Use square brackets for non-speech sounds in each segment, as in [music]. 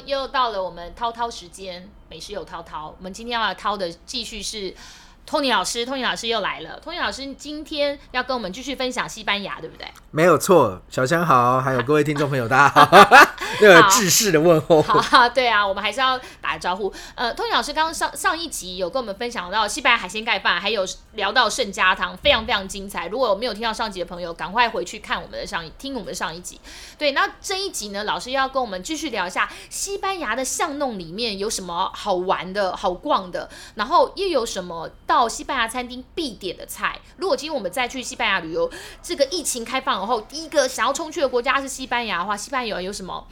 又，又到了我們滔滔時間，美食有滔滔，我們今天要來滔的繼續是。托尼老師托尼老師又來了托尼老師今天要跟我們繼續分享西班牙對不對沒有錯小香好還有各位聽眾朋友大家好哈哈哈哈那個制式的問候對啊我們還是要打個招呼呃托尼老師剛剛上上一集有跟我們分享到西班牙海鮮蓋飯還有聊到聖家堂，非常非常精彩如果沒有聽到上集的朋友趕快回去看我們的上，聽我們的上一集對那這一集呢老師要跟我們繼續聊一下西班牙的巷弄裡面有什麼好玩的好逛的然後又有什麼到西班牙餐廳必點的菜，如果今天我們再去西班牙旅遊，這個疫情開放以後，第一個想要衝去的國家是西班牙的話，西班牙有什麼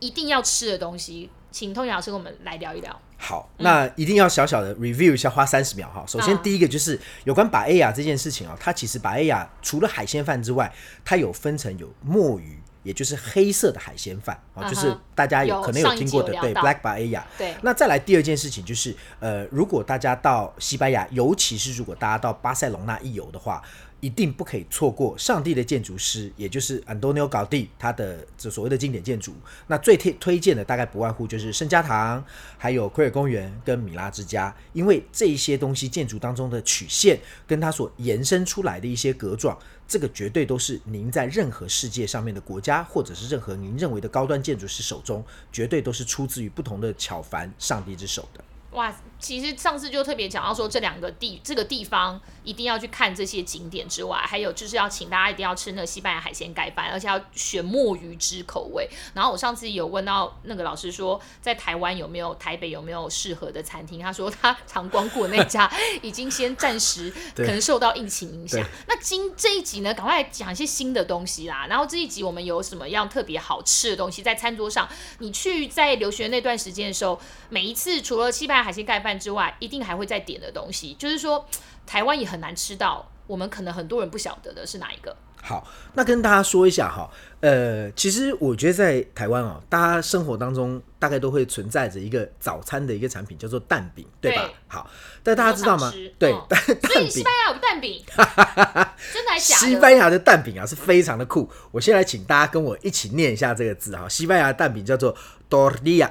一定要吃的東西？請 Tony 老師跟我們來聊一聊。好，那一定要小小的 review 一下，花三十秒哈。首先第一個就是有關巴埃亞這件事情啊，它其實巴埃亞除了海鮮飯之外，它有分成有墨魚。也就是黑色的海鮮飯啊，uh -huh, 就是大家有,有可能有聽過的對，Black Paella 對，那再來第二件事情就是，呃，如果大家到西班牙，尤其是如果大家到巴塞隆納一遊的話，一定不可以錯過上帝的建築師，也就是安東尼奧·高迪他的這所謂的經典建築。那最推推薦的大概不外乎就是聖家堂，還有奎爾公園跟米拉之家，因為這一些東西建築當中的曲線，跟它所延伸出來的一些格狀。這個絕對都是您在任何世界上面的國家，或者是任何您認為的高端建築師手中，絕對都是出自於不同的巧凡上帝之手的。哇，其實上次就特別講到說，這兩個地這個地方一定要去看這些景點之外，還有就是要請大家一定要吃那個西班牙海鮮蓋飯，而且要選墨魚汁口味。然後我上次有問到那個老師說，在台灣有沒有台北有沒有適合的餐廳？他說他常光顧的那家 [laughs] 已經先暫時可能受到疫情影響。那今這一集呢，趕快講一些新的東西啦。然後這一集我們有什麼樣特別好吃的東西在餐桌上？你去在留學那段時間的時候，每一次除了西班牙。海鮮蓋飯之外，一定還會再點的東西，就是說，台灣也很難吃到。我們可能很多人不曉得的是哪一個？好，那跟大家說一下哈、哦，呃，其實我覺得在台灣哦，大家生活當中大概都會存在着一個早餐的一個產品，叫做蛋餅，對吧？好，但大家知道嗎？對、嗯，所以西班牙有，有蛋餅， [laughs] 真的還假的？西班牙的蛋餅啊，是非常的酷。我先來請大家跟我一起念一下這個字哈、哦，西班牙的蛋餅叫做多利亞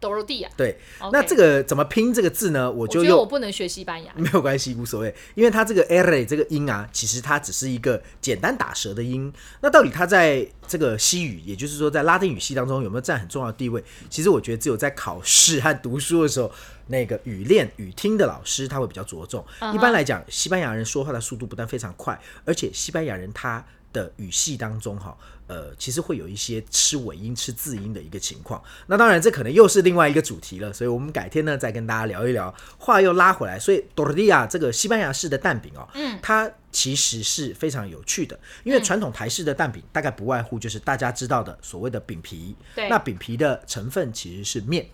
鬥地啊，對，那這個怎麼拼這個字呢？我就我覺得我不能學西班牙，沒有關係，無所謂，因為它這個 er 這個音啊，其實它只是一個簡單打舌的音。那到底它在這個西語，也就是說在拉丁語系當中有沒有佔很重要的地位？其實我覺得只有在考試和讀書的時候，那個語練語聽的老師他會比較着重、uh-huh。一般來講，西班牙人說話的速度不但非常快，而且西班牙人他。的語系當中、哦，哈，呃，其實會有一些吃尾音、吃字音的一個情況。那當然，這可能又是另外一個主題了，所以我們改天呢再跟大家聊一聊。話又拉回來，所以多利亞這個西班牙式的蛋餅哦，嗯，它其實是非常有趣的，因為傳統台式的蛋餅大概不外乎就是大家知道的所謂的餅皮，對，那餅皮的成分其實是麵。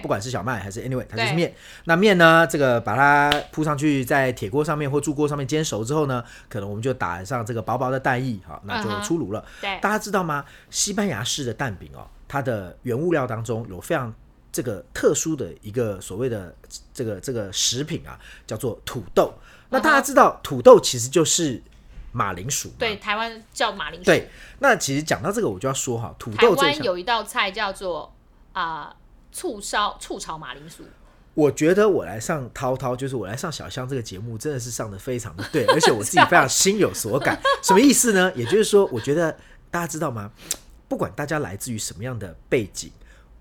不管是小麥還是 anyway，它就是麵。那麵呢，這個把它鋪上去，在鐵鍋上面或鑄鍋上面煎熟之後呢，可能我們就打上這個薄薄的蛋液，好，那就出爐了、嗯。大家知道嗎？西班牙式的蛋餅哦，它的原物料當中有非常這個特殊的一個所謂的這個這個食品啊，叫做土豆。那大家知道土豆其實就是馬鈴薯嗎？、嗯、對，台灣叫馬鈴薯。對，那其實講到這個，我就要說哈，土豆這一項，台灣有一道菜叫做啊。呃醋燒、醋炒馬鈴薯，我覺得我來上濤濤，就是我來上小香這個節目，真的是上得非常的對，而且我自己非常心有所感。 [laughs] 什麼意思呢？也就是說，我覺得大家知道嗎？不管大家來自於什麼樣的背景、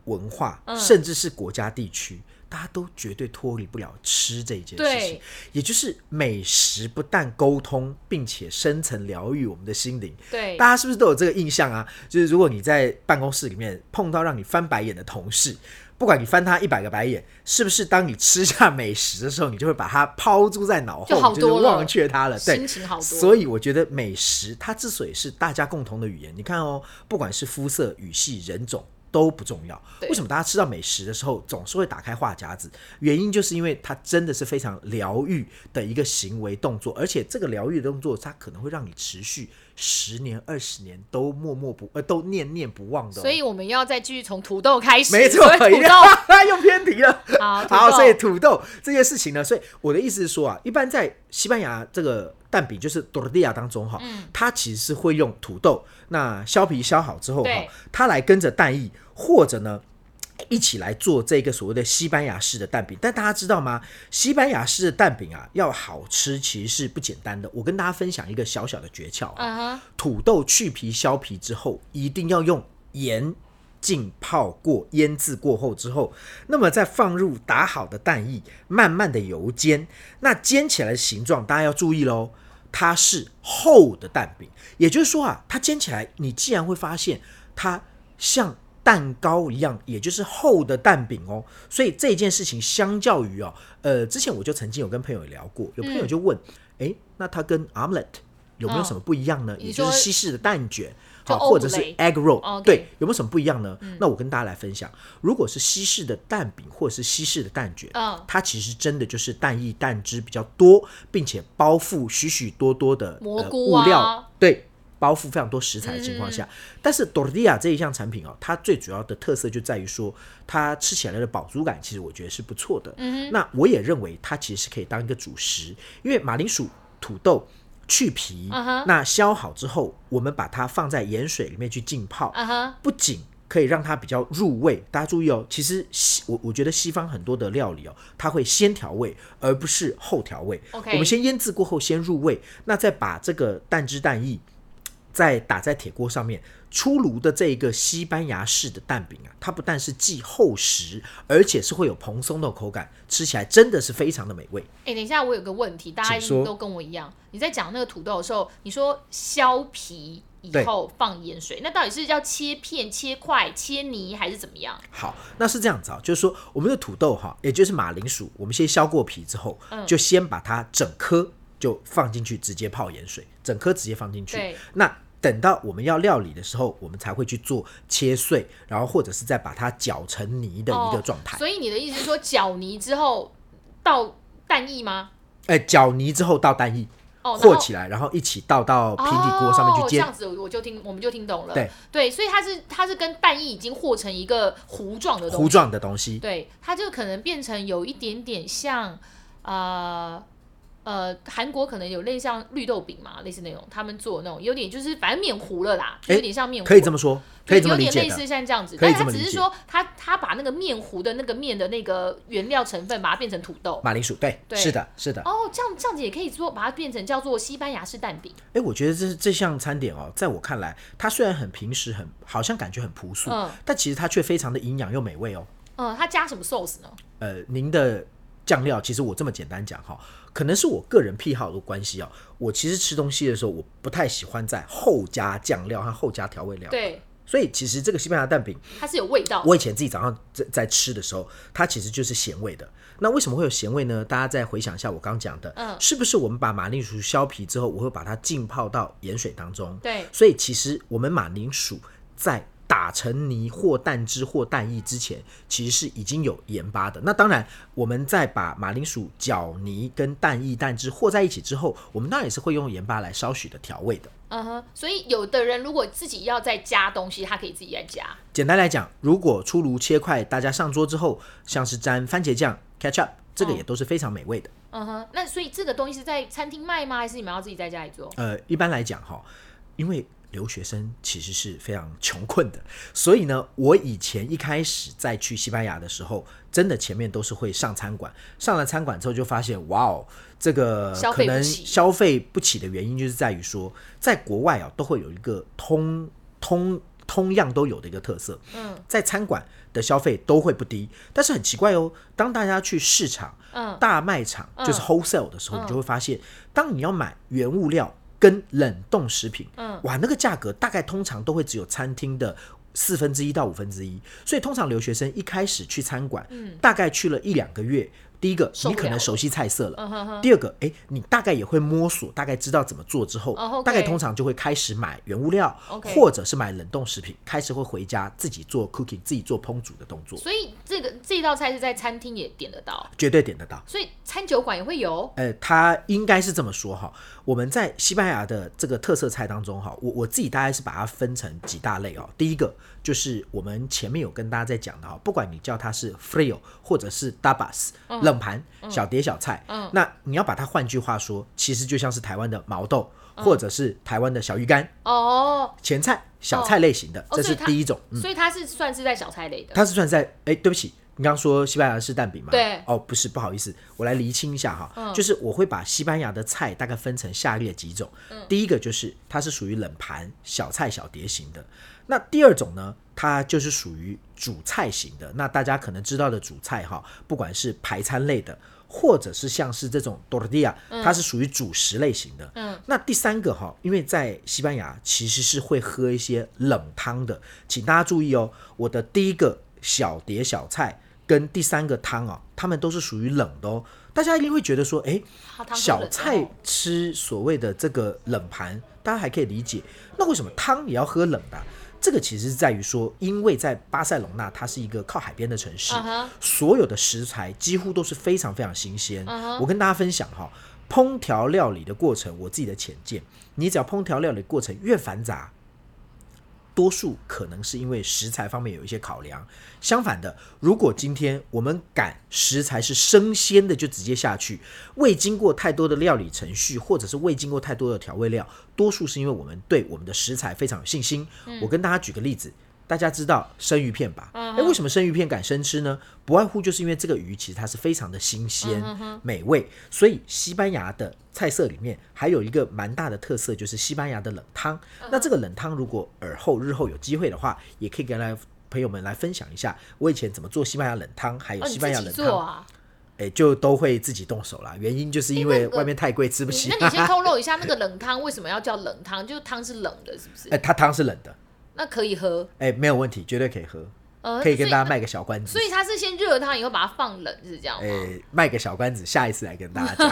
文化，甚至是國家地區，嗯。大家都絕對脫離不了吃這一件事情，也就是美食不但溝通，並且深層療癒我們的心靈。對，大家是不是都有這個印象啊？就是如果你在辦公室裡面碰到讓你翻白眼的同事，不管你翻他一百個白眼，是不是當你吃下美食的時候，你就會把它拋諸在腦後，你就會就忘卻它了。對，心情好多。所以我覺得美食它之所以是大家共同的語言，你看哦，不管是膚色、語系、人種。都不重要，為什麼大家吃到美食的時候總是會打開話匣子？原因就是因為它真的是非常療癒的一個行為動作，而且這個療癒的動作它可能會讓你持續十年、二十年都默默不呃都念念不忘的哦。所以我們要再繼續從土豆開始，沒錯，土豆又偏題了。好，好，所以土豆這件事情呢，所以我的意思是說啊，一般在西班牙這個。蛋餅就是多特利亞當中哈、哦嗯，它其實是會用土豆，那削皮削好之後、哦、它來跟着蛋液或者呢一起來做這個所謂的西班牙式的蛋餅。但大家知道嗎？西班牙式的蛋餅啊要好吃其實是不簡單的。我跟大家分享一個小小的訣竅啊，uh-huh. 土豆去皮削皮之後一定要用鹽。浸泡過、醃製過後之後，那麼再放入打好的蛋液，慢慢的油煎。那煎起來的形狀，大家要注意嘍，它是厚的蛋餅，也就是說啊，它煎起來，你既然會發現它像蛋糕一樣，也就是厚的蛋餅哦。所以這件事情，相較於哦，呃，之前我就曾經有跟朋友聊過，有朋友就問，哎、嗯，那它跟 omelette 有沒有什麼不一樣呢？哦、也就是西式的蛋卷。嗯好，或者是 egg roll，okay. 對，有沒有什麼不一樣呢？那我跟大家來分享，嗯、如果是西式的蛋餅或者是西式的蛋卷、嗯，它其實真的就是蛋液、蛋汁比較多，並且包覆許許多多的蘑菇、啊呃、物料對，包覆非常多食材的情況下、嗯，但是 tortilla 這一項產品哦，它最主要的特色就在於說，它吃起來的飽足感其實我覺得是不錯的、嗯。那我也認為它其實是可以當一個主食，因為馬鈴薯、土豆。去皮，uh -huh. 那削好之後，我們把它放在鹽水裡面去浸泡，uh -huh. 不僅可以讓它比較入味。大家注意哦，其實西、我我覺得西方很多的料理哦，它會先調味，而不是後調味。Okay. 我們先醃製過後先入味，那再把這個蛋汁蛋液。在打在鐵鍋上面出爐的這個西班牙式的蛋餅啊，它不但是既厚實，而且是會有蓬鬆的口感，吃起來真的是非常的美味。哎、欸，等一下，我有個問題，大家應該都跟我一樣，你在講那個土豆的時候，你說削皮以後放鹽水，那到底是要切片、切塊、切泥，還是怎麼樣？好，那是這樣子啊、哦，就是說我們的土豆哈、哦，也就是馬鈴薯，我們先削過皮之後，嗯、就先把它整顆。就放進去直接泡鹽水，整顆直接放進去。對。那等到我們要料理的時候，我們才會去做切碎，然後或者是再把它攪成泥的一個狀態、哦。所以你的意思是說，攪泥之後倒蛋液嗎？哎、欸，攪泥之後倒蛋液，哦，和起來，然後一起倒到平底鍋上面去煎、哦。這樣子我就聽，我們就聽懂了。對對，所以它是它是跟蛋液已經和成一個糊狀的東西，糊狀的東西，對，它就可能變成有一點點像呃。呃，韓國可能有類像綠豆餅嘛，類似那種他們做那種有點就是反正面糊了啦，欸、有點像面糊，可以這麼說，可以這麼有點類似像這樣子。但他只是說他他把那個麵糊的那個面的那個原料成分把它變成土豆馬鈴薯對，對，是的，是的。哦，這樣這樣子也可以做把它變成叫做西班牙式蛋餅。哎、欸，我覺得這是這項餐點哦，在我看來，它雖然很平時很，很好像感覺很樸素、嗯，但其實它卻非常的營養又美味哦。嗯，它加什麼 sauce 呢？呃，您的醬料其實我這麼簡單講哈、哦。可能是我個人癖好的關係哦、喔，我其實吃東西的時候，我不太喜歡在後加醬料和後加調味料。對，所以其實這個西班牙蛋餅它是有味道。我以前自己早上在在吃的時候，它其實就是鹹味的。那為什麼會有鹹味呢？大家再回想一下我剛講的，嗯，是不是我們把馬鈴薯削皮之後，我會把它浸泡到鹽水當中？對，所以其實我們馬鈴薯在。打成泥或蛋汁或蛋液之前，其實是已經有鹽巴的。那當然，我們再把馬鈴薯絞泥跟蛋液、蛋汁和在一起之後，我們當然也是會用鹽巴來稍許的調味的。嗯哼，所以有的人如果自己要再加東西，他可以自己再加。簡單來講，如果出爐切塊，大家上桌之後，像是沾番茄醬，ketchup，這個也都是非常美味的。嗯哼，那所以這個東西是在餐廳賣嗎？還是你們要自己在家裡做？呃，一般來講哈，因為。留學生其實是非常窮困的，所以呢，我以前一開始在去西班牙的時候，真的前面都是會上餐館，上了餐館之後就發現，哇哦，這個可能消費不起，消費不起的原因就是在於說，在國外啊都會有一個通通通樣都有的一個特色，嗯，在餐館的消費都會不低，但是很奇怪哦，當大家去市場，大賣場就是 wholesale 的時候，你就會發現，當你要買原物料。跟冷凍食品，哇，那個價格大概通常都會只有餐廳的四分之一到五分之一，所以通常留學生一開始去餐館，大概去了一兩個月。第一個，你可能熟悉菜色了。受不了了 uh -huh. 第二個，哎、欸，你大概也會摸索，大概知道怎麼做之後，oh, okay. 大概通常就會開始買原物料，okay. 或者是買冷凍食品，開始會回家自己做 cooking，自己做烹煮的動作。所以這個這一道菜是在餐廳也點得到，絕對點得到。所以餐酒館也會有？呃，他應該是這麼說哈。我們在西班牙的這個特色菜當中哈，我我自己大概是把它分成幾大類哦。第一個就是我們前面有跟大家在講的哈，不管你叫它是 frio 或者是 tapas、uh -huh. 冷盤、小碟、小菜、嗯嗯，那你要把它換句話說，其實就像是台灣的毛豆、嗯，或者是台灣的小魚乾哦，前菜、小菜類型的，哦、這是第一種、哦所嗯。所以它是算是在小菜類的。它是算是在哎、欸，對不起，你剛剛說西班牙式蛋餅嗎？對，哦，不是，不好意思，我來釐清一下哈、嗯，就是我會把西班牙的菜大概分成下列幾種，嗯、第一個就是它是屬於冷盤、小菜、小碟型的。那第二種呢？.它就是屬於主菜型的，那大家可能知道的主菜哈，不管是排餐類的，或者是像是這種 tortilla，它是屬於主食類型的。嗯，那第三個哈，因為在西班牙其實是會喝一些冷湯的，請大家注意哦，我的第一個小碟小菜跟第三個湯啊，它們都是屬於冷的哦。大家一定會覺得說，哎、欸，小菜吃所謂的這個冷盤，大家還可以理解，那為什麼湯也要喝冷的、啊？這個其實是在於說，因為在巴塞隆納，它是一個靠海邊的城市，uh -huh. 所有的食材幾乎都是非常非常新鮮。Uh -huh. 我跟大家分享哈、哦，烹調料理的過程，我自己的淺見，你只要烹調料理的過程越繁雜。多數可能是因為食材方面有一些考量。相反的，如果今天我們敢食材是生鮮的，就直接下去，未經過太多的料理程序，或者是未經過太多的調味料。多數是因為我們對我們的食材非常有信心。嗯、我跟大家舉個例子。大家知道生魚片吧？哎、嗯，欸、為什麼生魚片敢生吃呢？不外乎就是因為這個魚其實它是非常的新鮮、嗯、美味。所以西班牙的菜色裡面還有一個蠻大的特色，就是西班牙的冷湯、嗯。那這個冷湯，如果爾後日後有機會的話，也可以跟來朋友們來分享一下，我以前怎麼做西班牙冷湯，還有西班牙冷湯。哎、哦啊，欸、就都會自己動手啦。原因就是因為外面太貴，吃不起、啊那個。那你先透露一下，那個冷湯為什麼要叫冷湯？ [laughs] 就湯是冷的，是不是？哎，它湯是冷的。那可以喝，哎、欸，沒有問題，絕對可以喝、呃，可以跟大家賣個小關子。所以，所以他是先熱湯，以後把它放冷，是這樣嗎？哎、欸，賣個小關子，下一次來跟大家講 [laughs] [laughs]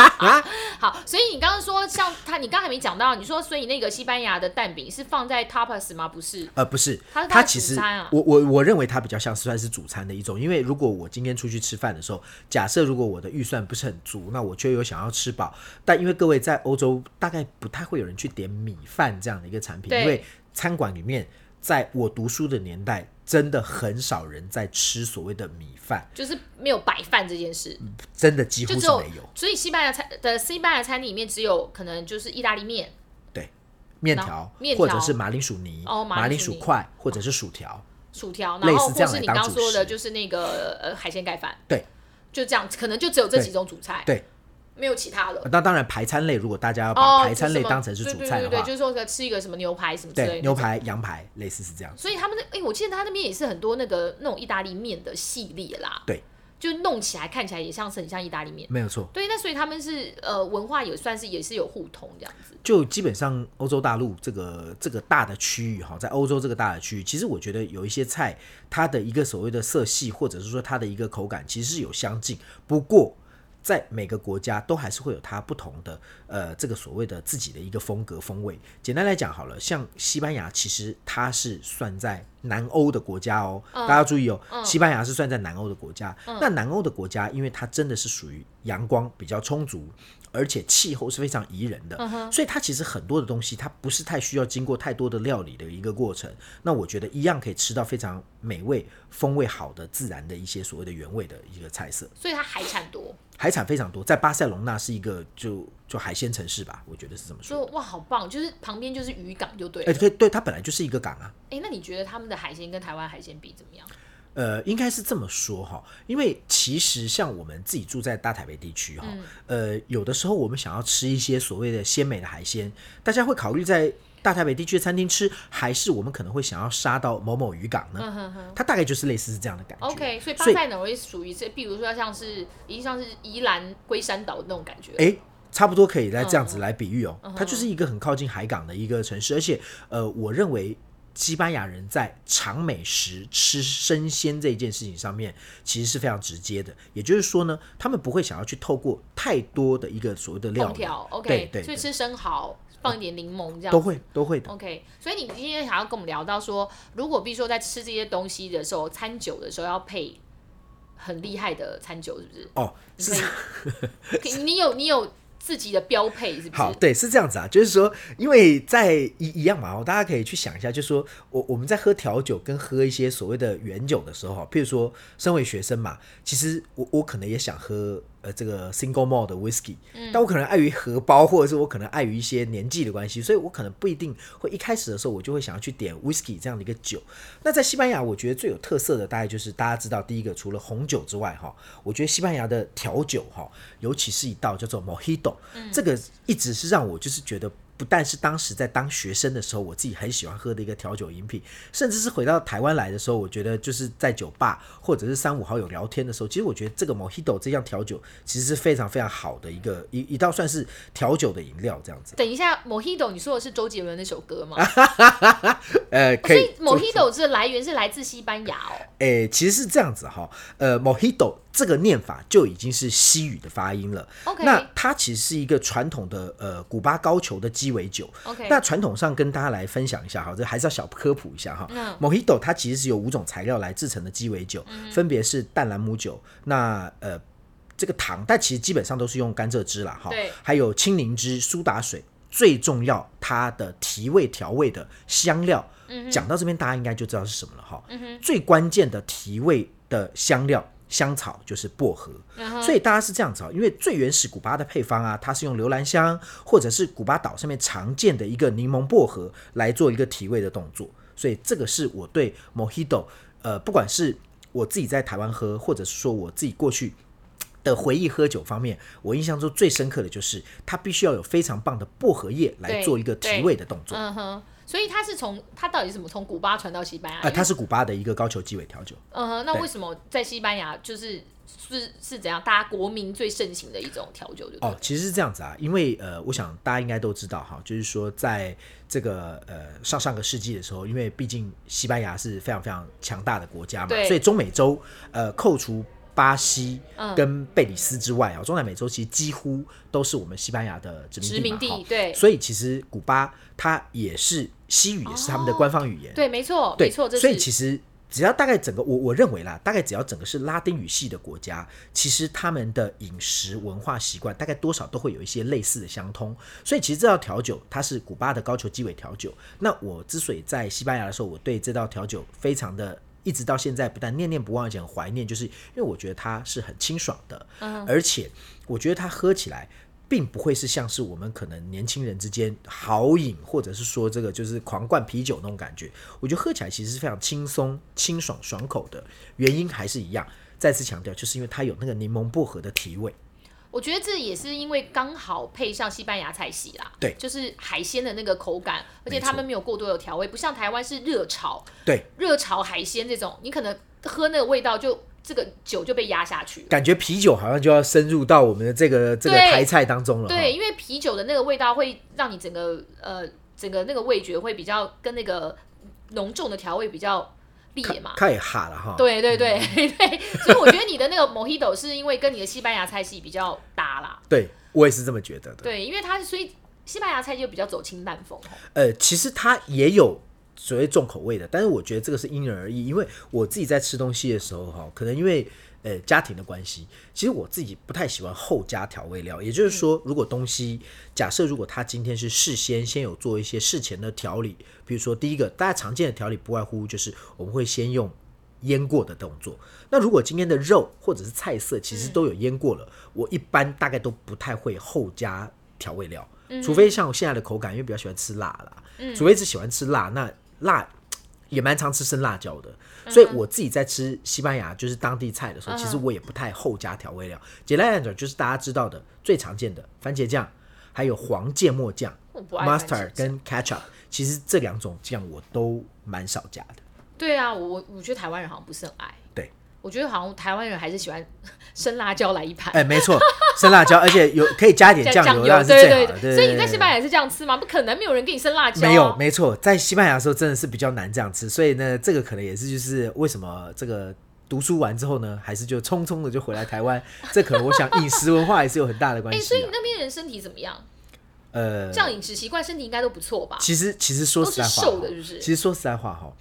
[laughs] 好。好，所以你剛剛說像他，你剛才沒講到，你說所以那個西班牙的蛋餅是放在 tapas 嗎？不是，呃，不是，它，是他、啊、它其實我我，我認為它比較像是算是主餐的一種，因為如果我今天出去吃飯的時候，假設如果我的預算不是很足，那我卻有想要吃飽，但因為各位在歐洲大概不太會有人去點米飯這樣的一個產品，因為。餐館裡面，在我讀書的年代，真的很少人在吃所謂的米飯，就是沒有白飯這件事，嗯，真的幾乎是沒有，有，所以西班牙餐的西班牙餐廳裡面，只有可能就是意大利麵，對，麵條，麵條或者是馬鈴薯泥哦，馬鈴薯塊，哦，或者是薯條，薯條，然後或是你剛說的，就是那個呃海鮮蓋飯，對，就這樣，可能就只有這幾種主菜，對。對。沒有其他的，那、啊、當然排餐類，如果大家要把排餐類當成是主菜的話、哦、對，對，對對對，就是說是吃一個什麼牛排什麼之類的，牛排、羊排類似是這樣。所以他們的，哎，我記得他那邊也是很多那個那種意大利麵的系列啦。對，就弄起來看起來也像是很像意大利麵，沒有錯。對，那所以他們是呃文化也算是也是有互通這樣子。就基本上歐洲大陸這個這個大的區域哈，在歐洲這個大的區域，其實我覺得有一些菜，它的一個所謂的色系，或者是說它的一個口感，其實是有相近，不過。在每個國家都還是會有它不同的，呃，這個所謂的自己的一個風格風味。簡單來講好了，像西班牙其實它是算在南歐的國家哦，嗯、大家注意哦、嗯，西班牙是算在南歐的國家。嗯、那南歐的國家，因為它真的是屬於陽光比較充足，而且氣候是非常宜人的、嗯，所以它其實很多的東西它不是太需要經過太多的料理的一個過程。那我覺得一樣可以吃到非常美味、風味好的自然的一些所謂的原味的一個菜色。所以它海產多。海產非常多，在巴塞隆納是一個就就海鮮城市吧，我覺得是這麼說。說哇，好棒！就是旁邊就是漁港，就對哎、欸，對對，它本來就是一個港啊。誒、欸，那你覺得他們的海鮮跟台灣海鮮比怎麼樣？呃，應該是這麼說哈，因為其實像我們自己住在大台北地區哈，呃，有的時候我們想要吃一些所謂的鮮美的海鮮，大家會考慮在。大台北地區的餐廳吃，還是我們可能會想要殺到某某漁港呢、嗯哼哼？它大概就是類似是這樣的感覺。OK，所以巴塞隆納屬於是，比如說像是已經像是宜蘭龜山島那種感覺、欸？差不多可以來這樣子來比喻哦、喔嗯。它就是一個很靠近海港的一個城市，而且呃，我認為西班牙人在嚐美食、吃生鮮這件事情上面，其實是非常直接的。也就是說呢，他們不會想要去透過太多的一個所謂的料理，OK，對，對，對，對，所以吃生蠔。放一點檸檬，這樣都會都會的。OK，所以你今天想要跟我們聊到說，如果比如說在吃這些東西的時候，餐酒的時候要配很厲害的餐酒，是不是？哦，是。你， [laughs] okay, 你有你有自己的標配，是不是？好，對，是這樣子啊，就是說，因為在一一樣嘛，大家可以去想一下，就是說我我們在喝調酒跟喝一些所謂的原酒的時候，譬如說，身為學生嘛，其實我我可能也想喝。呃，這個 single malt 的 whiskey，嗯、但我可能礙於荷包，或者是我可能礙於一些年紀的關係，所以我可能不一定會一開始的時候我就會想要去點 whiskey 這樣的一個酒。那在西班牙，我覺得最有特色的大概就是大家知道，第一個除了紅酒之外，哈，我覺得西班牙的調酒，哈，尤其是一道叫做 Mojito，嗯、這個一直是讓我就是覺得。不但是當時在當學生的時候，我自己很喜歡喝的一個調酒飲品，甚至是回到台灣來的時候，我覺得就是在酒吧或者是三五好友聊天的時候，其實我覺得這個 Mojito 這樣調酒其實是非常非常好的一個一一道算是調酒的飲料這樣子。等一下，Mojito 你說的是周杰倫那首歌嗎？ [laughs] 呃，可以。所以 Mojito 這來源是來自西班牙哦。哎、呃，其實是這樣子哈。呃，Mojito 這個念法就已經是西語的發音了。Okay. 那它其實是一個傳統的呃古巴高球的雞尾酒。那、okay. 傳統上跟大家來分享一下哈，這還是要小科普一下哈。No. Mojito 它其實是由五種材料來制成的雞尾酒，mm -hmm. 分別是淡蘭姆酒。那呃這個糖，但其實基本上都是用甘蔗汁啦。哈。還有青檸汁、蘇打水，最重要它的提味調味的香料。Mm -hmm. 講到這邊，大家應該就知道是什麼了哈。Mm -hmm. 最關鍵的提味的香料。香草就是薄荷，uh-huh. 所以大家是這樣子哦。因為最原始古巴的配方啊，它是用留蘭香或者是古巴島上面常見的一個檸檬薄荷來做一個提味的動作。所以這個是我對 Mojito，呃，不管是我自己在台灣喝，或者是說我自己過去的回憶喝酒方面，我印象中最深刻的就是它必須要有非常棒的薄荷葉來做一個提味的動作。所以它是從它到底是什麼？從古巴傳到西班牙？哎，它、呃、是古巴的一個高球雞尾調酒。呃、嗯，那為什麼在西班牙就是是是怎樣大家國民最盛行的一種調酒就對了？哦，其實是這樣子啊，因為呃，我想大家應該都知道哈，就是說在這個呃上上個世紀的時候，因為畢竟西班牙是非常非常強大的國家嘛，所以中美洲呃扣除。巴西跟貝里斯之外啊、嗯，中南美洲其實幾乎都是我們西班牙的殖民地嘛。殖民地，對，所以其實古巴它也是西語也是他們的官方語言。哦、對，沒錯，對。所以其實只要大概整個我我認為啦，大概只要整個是拉丁語系的國家，其實他們的飲食文化習慣大概多少都會有一些類似的相通。所以其實這道調酒它是古巴的高球雞尾調酒。那我之所以在西班牙的時候，我對這道調酒非常的。一直到現在不但念念不忘，而且很懷念，就是因為我覺得它是很清爽的，而且我覺得它喝起來並不會是像是我們可能年輕人之間豪飲，或者是說這個就是狂灌啤酒那種感覺。我覺得喝起來其實是非常輕鬆、清爽、爽口的，原因還是一樣。再次強調，就是因為它有那個檸檬薄荷的提味。我覺得這也是因為剛好配上西班牙菜系啦，對，就是海鮮的那個口感，而且他們沒有過多的調味，不像台灣是熱炒，對，熱炒海鮮這種，你可能喝那個味道就這個酒就被壓下去，感覺啤酒好像就要深入到我們的這個這個台菜當中了對、哦，對，因為啤酒的那個味道會讓你整個呃整個那個味覺會比較跟那個濃重的調味比較。太哈了哈！對對對、嗯、對，所以我覺得你的那個摩 t o 是因為跟你的西班牙菜系比較搭啦。對，我也是這麼覺得的。對，因為它，所以西班牙菜就比較走清淡風。呃，其實它也有所謂重口味的，但是我覺得這個是因人而異。因為我自己在吃東西的時候，哈，可能因為。呃，家庭的關係，其實我自己不太喜歡後加調味料。也就是說，如果東西假設如果他今天是事先先有做一些事前的調理，比如說第一個大家常見的調理不外乎就是我們會先用醃過的動作。那如果今天的肉或者是菜色其實都有醃過了，嗯，我一般大概都不太會後加調味料，除非像我現在的口感，因為比較喜歡吃辣啦。除非是喜歡吃辣，那辣也蠻常吃生辣椒的。所以我自己在吃西班牙就是當地菜的時候，其實我也不太後加調味料。簡單來講，就是大家知道的最常見的番茄醬，還有黃芥末醬。master 跟 ketchup， [laughs] 其實這兩種醬我都蠻少加的。對啊，我我覺得台灣人好像不是很愛。我覺得好像台灣人還是喜歡生辣椒來一盤，哎、欸，沒錯，生辣椒，而且有可以加一點醬油， [laughs] 醬油的，對對對，對對對。所以你在西班牙也是這樣吃嗎？不可能，沒有人給你生辣椒啊。沒有，沒錯，在西班牙的時候真的是比較難這樣吃。所以呢，這個可能也是就是為什麼這個讀書完之後呢，還是就匆匆的就回來台灣。 [laughs] 這可能我想飲食文化也是有很大的關係啊。欸。所以你那邊人身體怎麼樣？呃，這樣飲食習慣，身體應該都不錯吧？其實，其實說實在話，瘦的是是，就是其實說實在話，哈。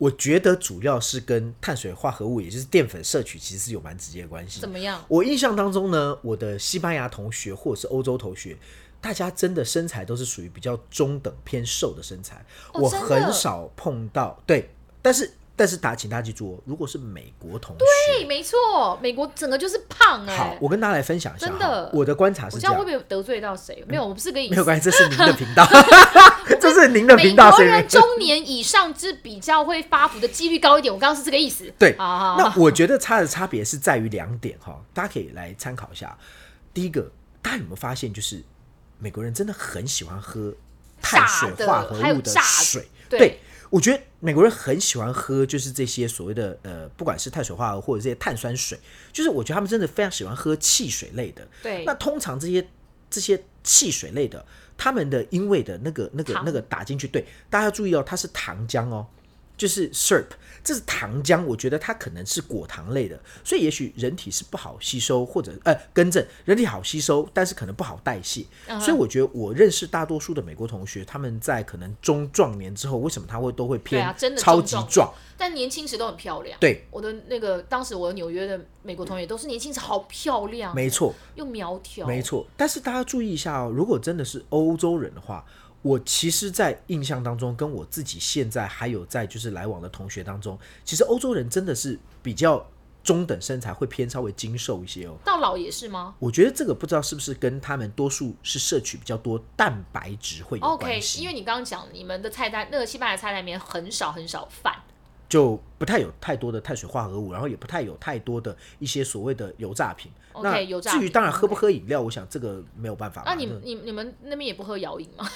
我覺得主要是跟碳水化合物，也就是澱粉攝取，其實是有蠻直接的關係。怎麼樣？我印象當中呢，我的西班牙同學或者是歐洲同學，大家真的身材都是屬於比較中等偏瘦的身材。哦，我很少碰到對，但是。但是大，請大家記住哦，如果是美國同學，對，沒錯，美國整個就是胖哎、欸。好，我跟大家來分享一下，真的，我的觀察是這樣。會不會得罪到誰？沒、嗯、有，我不是這個意思，沒有關係，這是您的頻道， [laughs] [laughs] 這是您的頻道。美國人，中年以上就比較會發福的幾率高一點，我剛剛是這個意思。對，好好好好，那我覺得它的差別是在於兩點哈，大家可以來參考一下。第一個，大家有沒有發現，就是美國人真的很喜歡喝碳水化合物的水，對。對我覺得美國人很喜歡喝，就是這些所謂的呃，不管是碳水化合物或者這些碳酸水，就是我覺得他們真的非常喜歡喝汽水類的。對，那通常這些這些汽水類的，他們的因為的那個那個那個打進去，對，大家要注意哦，它是糖漿哦。就是 syrup 這是糖漿，我覺得它可能是果糖類的，所以也許人體是不好吸收或者呃，更正人體好吸收，但是可能不好代謝。Uh -huh. 所以我覺得我認識大多數的美國同學，他們在可能中壯年之後，為什麼他會都會偏、啊、超級壯？但年輕時都很漂亮。對，我的那個當時我的紐約的美國同學都是年輕時好漂亮，沒錯，又苗條，沒錯。但是大家注意一下哦，如果真的是歐洲人的話。我其實，在印象當中，跟我自己現在還有在就是來往的同學當中，其實歐洲人真的是比較中等身材，會偏稍微精瘦一些哦。到老也是嗎？我覺得這個不知道是不是跟他們多數是攝取比較多蛋白質會有關係。Okay, 因為你剛剛講你們的菜單，那個西班牙的菜單裡面很少很少飯，就不太有太多的碳水化合物，然後也不太有太多的一些所謂的油炸品。Okay, 炸品，那至於當然喝不喝飲料，okay. 我想這個沒有辦法、啊。那你你你們那邊也不喝搖飲嗎？ [laughs]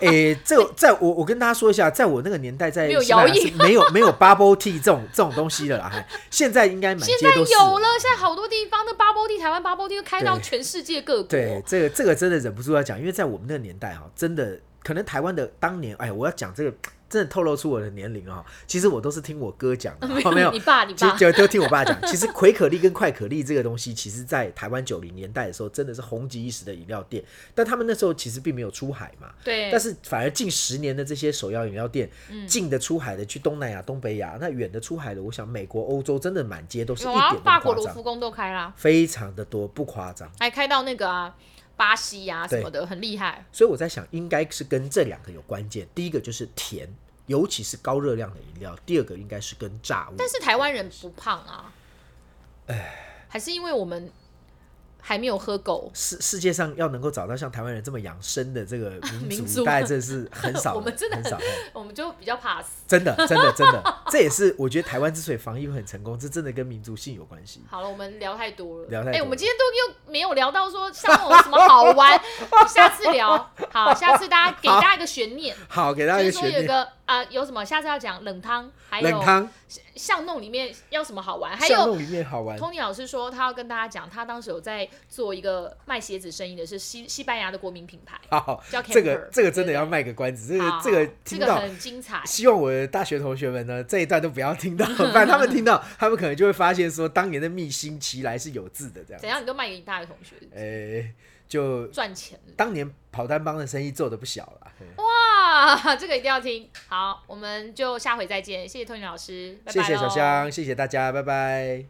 哎、欸啊，這個啊，在我我跟大家說一下，在我那個年代，在西班牙是沒有沒有沒有， [laughs] 沒有 Bubble Tea 這種這種東西的啦。現在應該滿街都是，現在有了，現在好多地方的 Bubble Tea，台灣 Bubble Tea 又開到全世界各國。對，對這個這個真的忍不住要講，因為在我們那個年代哈，真的可能台灣的當年，哎，我要講這個。真的透露出我的年齡啊！其實我都是聽我哥講，沒 [laughs] 有、哦、沒有，你爸你爸，就都聽我爸講。 [laughs] 其實葵可力跟快可力這個東西，其實，在台灣九零年代的時候，真的是紅極一時的飲料店。但他們那時候其實並沒有出海嘛。對。但是反而近十年的這些手搖飲料店，近、嗯、的出海的去東南亞、東北亞，那遠的出海的，我想美國、歐洲真的滿街都是一點不誇張。法國盧浮宮、啊、都開了，非常的多，不誇張。還開到那個、啊。巴西呀、啊，什麼的很厲害。所以我在想，應該是跟這兩個有關鍵。第一個就是甜，尤其是高熱量的飲料。第二個應該是跟炸物。但是台灣人不胖啊，哎，還是因為我們。還沒有喝夠。世世界上，要能夠找到像台灣人這麼養生的這個民族，大概真的是很少。 [laughs] 我們真的很、很少，我們就比較怕死。真的，真的，真的， [laughs] 這也是我覺得台灣之所以防疫很成功，這真的跟民族性有關係。好了，我們聊太多了，聊太多……哎、欸，我們今天都又沒有聊到說像那種什麼好玩， [laughs] 下次聊。好，下次大家給大家一個懸念好。好，給大家一個懸念。就是啊、呃，有什麼？下次要講冷湯，還有巷巷弄裡面要什麼好玩，還有？巷弄裡面好玩。Tony 老師說他要跟大家講，他當時有在做一個賣鞋子生意的，是西西班牙的國民品牌。好好，Camper, 這個這個真的要賣個關子，對對這個這個聽到好好、這個、很精彩。希望我的大學同學們呢，這一段都不要聽到，反正他們聽到， [laughs] 他們可能就會發現說，當年的秘辛其來是有字的這樣。怎樣？你都賣給你大學同學？欸就賺錢。當年跑單幫的生意做得不小了，嗯。哇，這個一定要聽。好，我們就下回再見。謝謝托尼老師，謝謝小香，謝謝大家，拜拜。